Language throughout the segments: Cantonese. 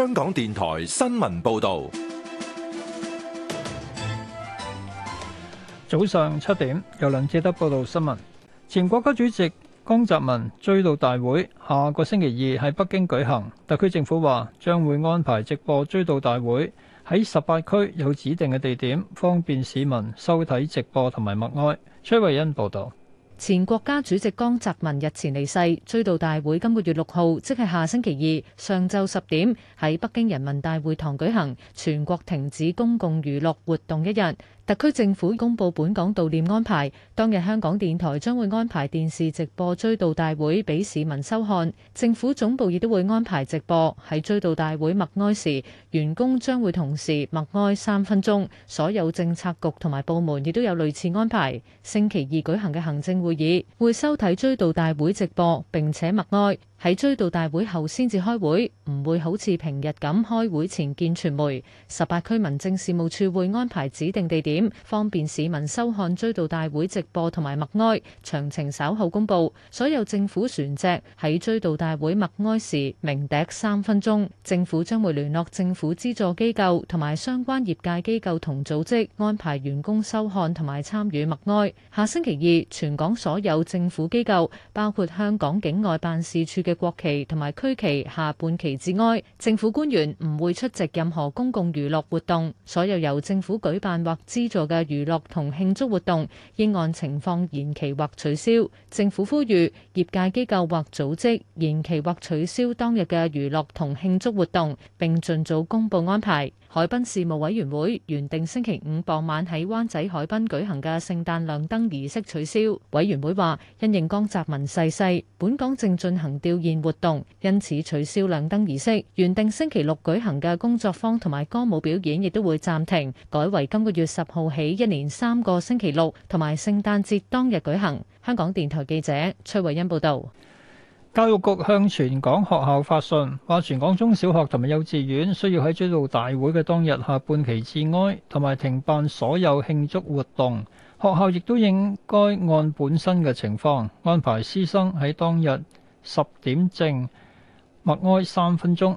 香港電台新聞報道，早上七點由梁志德報道新聞。前國家主席江澤民追悼大會下個星期二喺北京舉行，特區政府話將會安排直播追悼大會喺十八區有指定嘅地點，方便市民收睇直播同埋默哀。崔慧欣報道。前國家主席江澤民日前離世，追悼大會今個月六號，即係下星期二，上晝十點，喺北京人民大會堂舉行，全國停止公共娛樂活動一日。特區政府公布本港悼念安排，當日香港電台將會安排電視直播追悼大會俾市民收看，政府總部亦都會安排直播。喺追悼大會默哀時，員工將會同時默哀三分鐘。所有政策局同埋部門亦都有類似安排。星期二舉行嘅行政會議會收睇追悼大會直播，並且默哀。喺追悼大會後先至開會，唔會好似平日咁開會前見傳媒。十八區民政事務處會安排指定地點方便市民收看追悼大會直播同埋默哀。詳情稍後公布。所有政府船隻喺追悼大會默哀時鳴笛三分鐘。政府將會聯絡政府資助機構同埋相關業界機構同組織安排員工收看同埋參與默哀。下星期二，全港所有政府機構包括香港境外辦事處嘅。嘅國旗同埋區旗下半旗致哀，政府官員唔會出席任何公共娛樂活動。所有由政府舉辦或資助嘅娛樂同慶祝活動應按情況延期或取消。政府呼籲業界機構或組織延期或取消當日嘅娛樂同慶祝活動，並儘早公佈安排。海濱事務委員會原定星期五傍晚喺灣仔海濱舉行嘅聖誕亮燈儀式取消。委員會話：因應江澤民逝世，世，本港正進行調現活動，因此取消亮燈儀式。原定星期六舉行嘅工作坊同埋歌舞表演，亦都會暫停，改為今個月十號起一連三個星期六同埋聖誕節當日舉行。香港電台記者崔慧欣報道。教育局向全港學校發信，話全港中小學同埋幼稚園需要喺追悼大會嘅當日下半旗致哀，同埋停辦所有慶祝活動。學校亦都應該按本身嘅情況安排師生喺當日十點正，默哀三分鐘。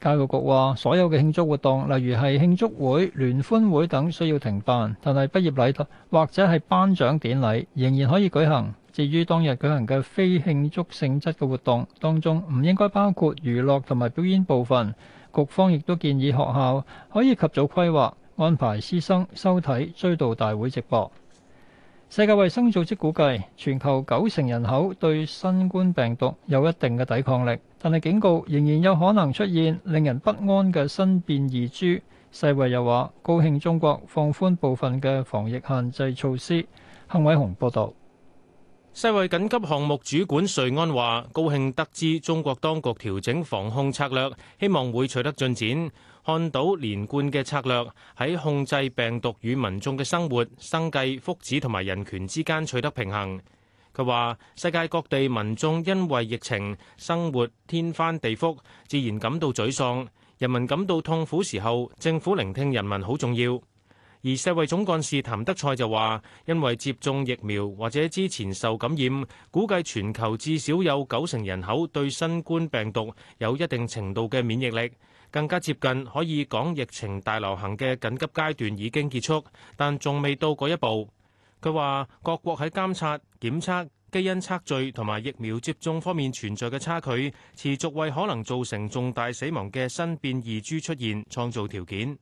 教育局話，所有嘅慶祝活動，例如係慶祝會、聯歡會等，需要停辦；但係畢業禮或者係頒獎典禮，仍然可以舉行。至於當日舉行嘅非慶祝性質嘅活動，當中唔應該包括娛樂同埋表演部分。局方亦都建議學校可以及早規劃安排師生收睇追悼大會直播。世界衛生組織估計，全球九成人口對新冠病毒有一定嘅抵抗力，但係警告仍然有可能出現令人不安嘅新變異株。世衛又話，高興中國放寬部分嘅防疫限制措施。幸偉雄報導。世衛緊急項目主管瑞安話，高興得知中國當局調整防控策略，希望會取得進展，看到連貫嘅策略喺控制病毒與民眾嘅生活、生計、福祉同埋人權之間取得平衡。佢話，世界各地民眾因為疫情生活天翻地覆，自然感到沮喪。人民感到痛苦時候，政府聆聽人民好重要。而世衛總幹事譚德塞就話：因為接種疫苗或者之前受感染，估計全球至少有九成人口對新冠病毒有一定程度嘅免疫力，更加接近可以講疫情大流行嘅緊急階段已經結束，但仲未到嗰一步。佢話：各國喺監察、檢測、基因測序同埋疫苗接種方面存在嘅差距，持續為可能造成重大死亡嘅新變異株出現創造條件。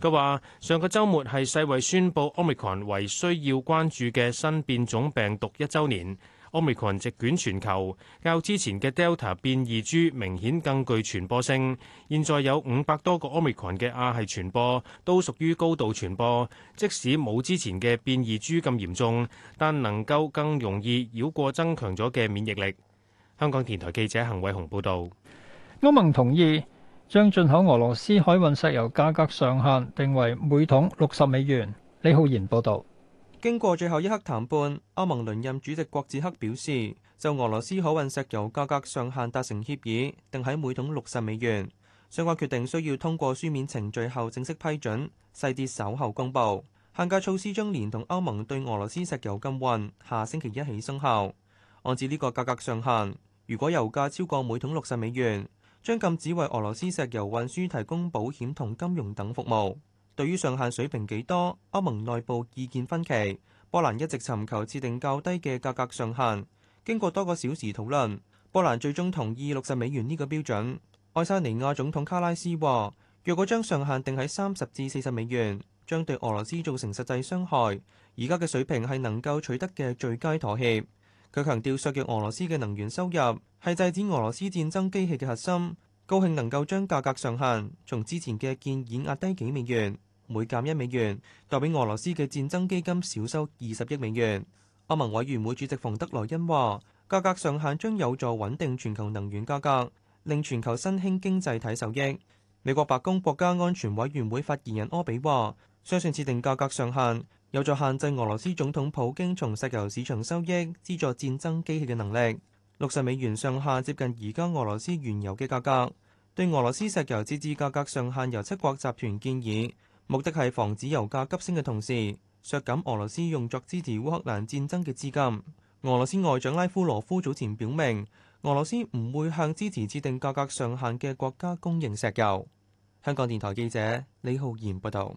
佢話：上個週末係世衛宣布 Omicron 為需要關注嘅新變種病毒一週年，Omicron 席捲全球，較之前嘅 Delta 變異株明顯更具傳播性。現在有五百多個 Omicron 嘅亞系傳播，都屬於高度傳播。即使冇之前嘅變異株咁嚴重，但能夠更容易繞過增強咗嘅免疫力。香港電台記者陳偉雄報道：「歐盟同意將進口俄羅斯海運石油價格上限定為每桶六十美元。李浩然報道。經過最後一刻談判，歐盟輪任主席國捷克表示，就俄羅斯海運石油價格上限達成協議，定喺每桶六十美元。相關決定需要通過書面程序後正式批准，細節稍後公布。限價措施將連同歐盟對俄羅斯石油禁運，下星期一起生效。按照呢個價格上限，如果油價超過每桶六十美元。將禁止為俄羅斯石油運輸提供保險同金融等服務。對於上限水平幾多，歐盟內部意見分歧。波蘭一直尋求設定較低嘅價格上限。經過多個小時討論，波蘭最終同意六十美元呢個標準。愛沙尼亞總統卡拉斯話，若果將上限定喺三十至四十美元，將對俄羅斯造成實際傷害。而家嘅水平係能夠取得嘅最佳妥協。佢強調削弱俄羅斯嘅能源收入係制止俄羅斯戰爭機器嘅核心，高興能夠將價格上限從之前嘅建議壓低幾美元，每減一美元代表俄羅斯嘅戰爭基金少收二十億美元。歐盟委員會主席馮德萊恩話，價格上限將有助穩定全球能源價格，令全球新興經濟體受益。美國白宮國家安全委員會發言人柯比話，相信設定價格上限有助限制俄羅斯總統普京從石油市場收益資助戰爭機器嘅能力。六十美元上下接近而家俄羅斯原油嘅價格，對俄羅斯石油設置價格上限由七國集團建議，目的係防止油價急升嘅同時，削減俄羅斯用作支持烏克蘭戰爭嘅資金。俄羅斯外長拉夫羅夫早前表明，俄羅斯唔會向支持制定價格上限嘅國家供應石油。香港電台記者李浩然報道。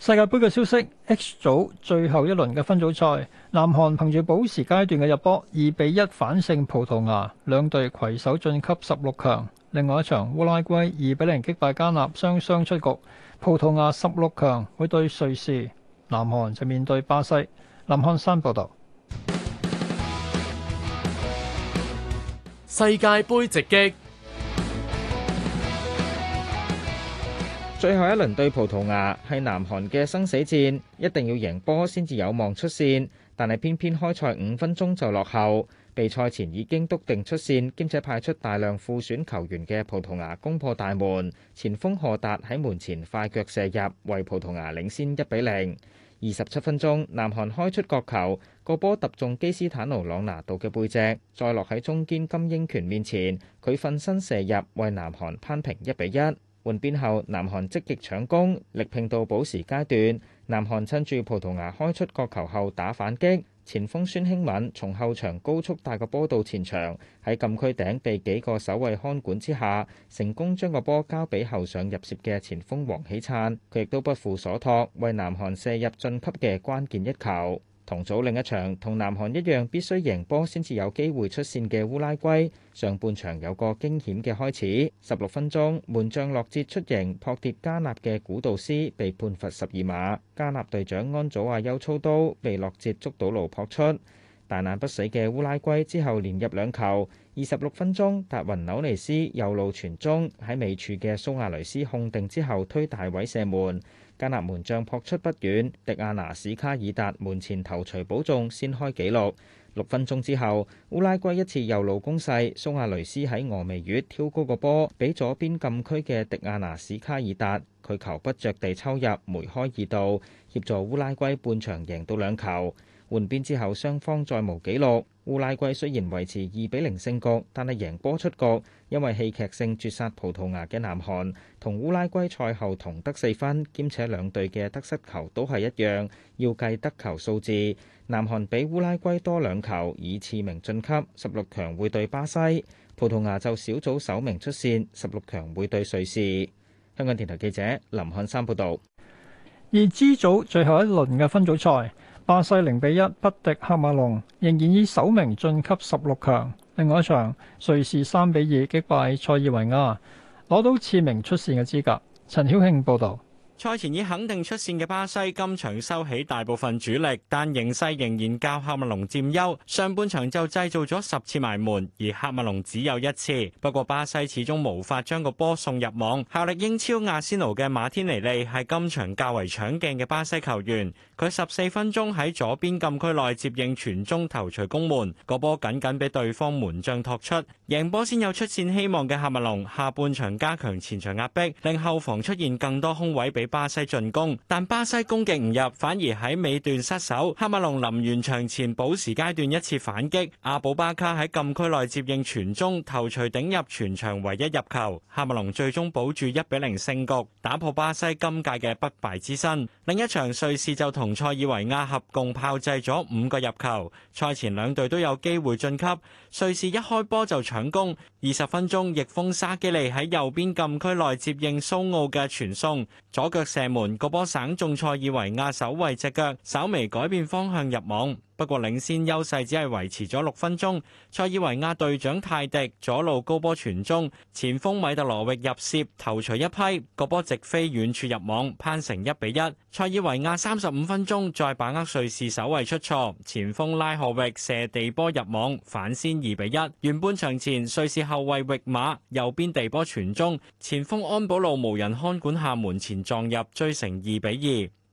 世界盃嘅消息，H 組最後一輪嘅分組賽，南韓憑住補時階段嘅入波，二比一反勝葡萄牙，兩隊攜手晉級十六強。另外一場烏拉圭二比零擊敗加納，雙雙出局。葡萄牙十六強會對瑞士，南韓就面對巴西。南漢山報道。世界盃直擊。最後一輪對葡萄牙係南韓嘅生死戰，一定要贏波先至有望出線。但係偏偏開賽五分鐘就落後，比賽前已經篤定出線，兼且派出大量副選球員嘅葡萄牙攻破大門，前鋒賀達喺門前快腳射入，為葡萄牙領先一比零。二十七分鐘，南韓開出角球，個波揼中基斯坦奴朗拿度嘅背脊，再落喺中堅金英權面前，佢奮身射入，為南韓攀平一比一。換邊後，南韓積極搶攻，力拼到補時階段。南韓趁住葡萄牙開出角球後打反擊，前鋒孫興敏從後場高速帶個波到前場，喺禁區頂被幾個守衞看管之下，成功將個波交俾後上入楔嘅前鋒黃喜燦，佢亦都不負所託，為南韓射入進級嘅關鍵一球。同組另一場同南韓一樣必須贏波先至有機會出線嘅烏拉圭，上半場有個驚險嘅開始。十六分鐘，門將洛捷出迎撲跌加納嘅古道斯，被判罰十二碼。加納隊長安祖亞優操刀被洛捷捉到路撲出，大難不死嘅烏拉圭之後連入兩球。二十六分鐘，達雲紐尼斯右路傳中，喺尾處嘅蘇亞雷斯控定之後推大位射門。加納門將撲出不遠，迪亞拿史卡爾達門前頭槌補中，先開紀錄。六分鐘之後，烏拉圭一次右路攻勢，蘇亞雷斯喺俄眉月挑高個波，俾左邊禁區嘅迪亞拿史卡爾達，佢球不着地抽入梅開二度，協助烏拉圭半場贏到兩球。換邊之後，雙方再無紀錄。烏拉圭雖然維持二比零勝局，但係贏波出局，因為戲劇性絕殺葡萄牙嘅南韓同烏拉圭賽後同得四分，兼且兩隊嘅得失球都係一樣，要計得球數字。南韓比烏拉圭多兩球，以次名晉級，十六強會對巴西，葡萄牙就小組首名出線，十六強會對瑞士。香港電台記者林漢山報導。而 G 組最後一輪嘅分組賽。巴西零比一不敵喀麥隆，仍然以首名晉級十六強。另外一場，瑞士三比二擊敗塞爾維亞，攞到次名出線嘅資格。陳曉慶報道。賽前已肯定出線嘅巴西，今場收起大部分主力，但形勢仍然較喀麥隆佔優。上半場就製造咗十次埋門，而喀麥隆只有一次。不過巴西始終無法將個波送入網。效力英超阿仙奴嘅馬天尼利係今場較為搶鏡嘅巴西球員，佢十四分鐘喺左邊禁區內接應傳中頭錘攻門，個波僅僅俾對方門將托出。贏波先有出線希望嘅喀麥隆，下半場加強前場壓迫，令後防出現更多空位俾。巴西進攻，但巴西攻擊唔入，反而喺尾段失守。哈馬隆臨完場前補時階段一次反擊，阿布巴卡喺禁區內接應傳中，頭槌頂入全場唯一入球。哈馬隆最終保住一比零勝局，打破巴西今屆嘅不敗之身。另一場瑞士就同塞爾維亞合共炮製咗五個入球。賽前兩隊都有機會晉級。瑞士一開波就搶攻，二十分鐘逆風沙基利喺右邊禁區內接應蘇奧嘅傳送，左腳。腳射門，嗰波省中塞維亞守衛隻腳，稍微改變方向入網。不過領先優勢只係維持咗六分鐘，塞爾維亞隊長泰迪左路高波傳中，前鋒米特羅域入摺頭槌一批，個波直飛遠處入網，攀成一比一。塞爾維亞三十五分鐘再把握瑞士守衞出錯，前鋒拉何域射地波入網，反先二比一。原半場前，前，瑞士後衞域，域馬右邊地波傳中，前鋒安保路無人看管下門前撞入，追成二比二。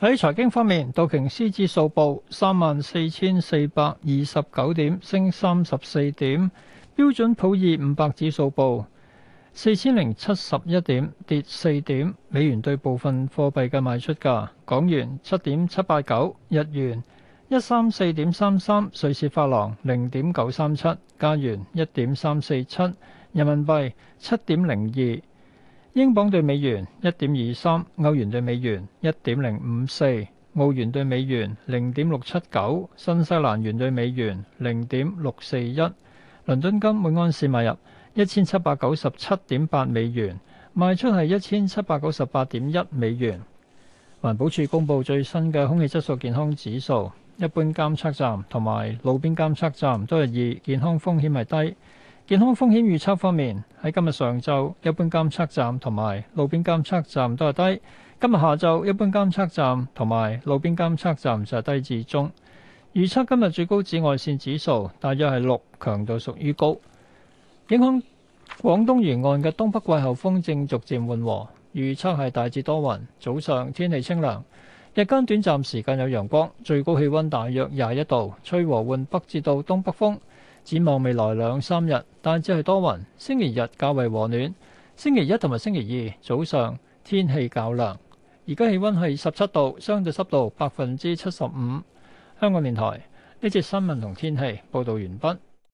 喺財經方面，道瓊斯指數報三萬四千四百二十九點，升三十四點；標準普爾五百指數報四千零七十一點，跌四點。美元對部分貨幣嘅賣出價：港元七點七八九，日元一三四點三三，瑞士法郎零點九三七，加元一點三四七，人民幣七點零二。英鎊兌美元一點二三，歐元兌美元一點零五四，澳元兌美元零點六七九，新西蘭元兌美元零點六四一。倫敦金每安士買入一千七百九十七點八美元，賣出係一千七百九十八點一美元。環保署公布最新嘅空氣質素健康指數，一般監測站同埋路邊監測站都係二，健康風險係低。健康風險預測方面，喺今日上晝，一般監測站同埋路邊監測站都係低；今日下晝，一般監測站同埋路邊監測站就係低至中。預測今日最高紫外線指數大約係六，強度屬於高。影響廣東沿岸嘅東北季候風正逐漸緩和，預測係大致多雲，早上天氣清涼，日間短暫時間有陽光，最高氣温大約廿一度，吹和緩北至到東北風。展望未來兩三日，大致係多雲。星期日較為和暖，星期一同埋星期二早上天氣較涼。而家氣温係十七度，相對濕度百分之七十五。香港電台呢節新聞同天氣報導完畢。